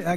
Eh, a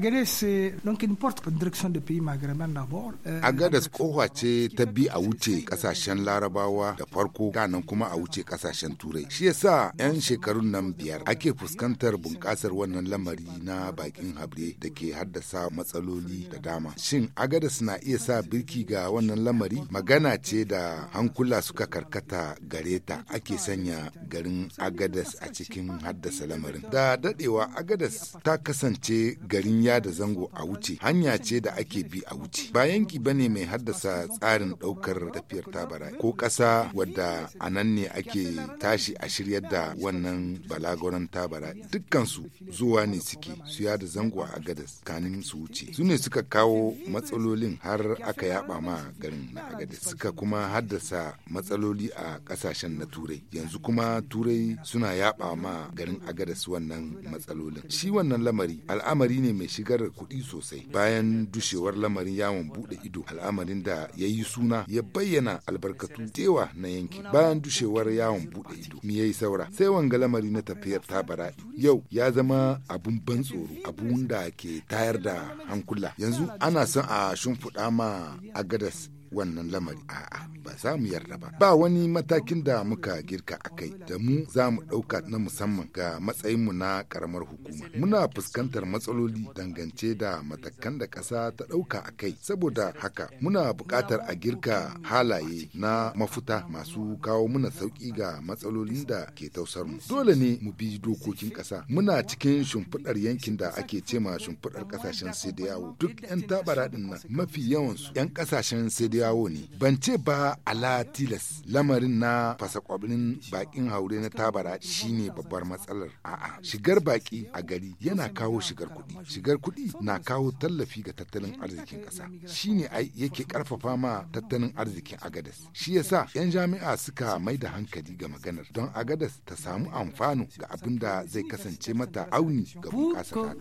Agadas kofa ce ta bi a wuce kasashen larabawa da farko nan kuma a wuce kasashen turai. Shi yasa 'yan shekarun nan biyar ake fuskantar bunƙasar wannan lamari na bakin habre da ke haddasa matsaloli da dama. Shin Agadas na iya sa birki ga wannan lamari? Magana ce da hankula suka karkata gare ta ake sanya garin Agadas a cikin haddasa lamarin. Da dadewa Agadas ta kasance garin in ya da zango a wuce hanya ce da ake bi a wuce ba yanki bane mai haddasa tsarin ɗaukar tafiyar tabara ko ƙasa wadda a nan ne ake tashi a shiryar da wannan balagoran tabara dukkansu zuwa ne suke su ya da zango a gadas kanin su wuce su ne suka kawo matsalolin har aka yaba ma garin na agadas suka kuma haddasa matsaloli a ƙasashen na turai yanzu kuma turai suna yaba ma garin agadas wannan matsalolin shi wannan lamari al'amari ne mai mai shigar da kuɗi sosai bayan dushewar lamarin yawon buɗe ido al'amarin da ya yi suna ya bayyana albarkatu tewa na yanki bayan dushewar yawon buɗe ido ya yi saura sai wanga lamari na tafiyar ta baraɗi yau ya zama abun ban tsoro abun da ke tayar da hankula yanzu ana son a shimfiɗa ma agadas wannan lamari a'a ba za mu yarda ba ba wani matakin da muka girka a kai da mu za mu ɗauka na musamman ga matsayinmu na ƙaramar hukuma muna fuskantar matsaloli dangance da matakan da ƙasa ta ɗauka a kai saboda haka muna buƙatar a girka halaye na mafuta masu kawo muna sauƙi ga matsalolin da ke tausar mu dole ne mu bi dokokin ƙasa muna cikin shimfiɗar yankin da ake cema shimfiɗar ƙasashen sai da yawo duk 'yan tabara ɗin nan mafi su 'yan ƙasashen sai ne ban ce ba ala tilas lamarin na fasa kwabrin bakin haure na tabara shine babbar matsalar a'a shigar baki a gari yana kawo shigar kuɗi shigar kuɗi na kawo tallafi ga tattalin arzikin ƙasa shine ai yake karfafa ma tattalin arzikin agadas shi yasa 'yan jami'a suka mai da hankali ga maganar don agadas ta samu amfano ga abin da zai kasance mata auni ga bunƙasa